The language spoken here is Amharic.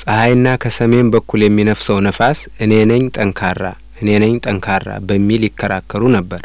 ፀሐይና ከሰሜን በኩል የሚነፍሰው ነፋስ እኔ ነኝ ጠንካራ እኔ ነኝ ጠንካራ በሚል ይከራከሩ ነበር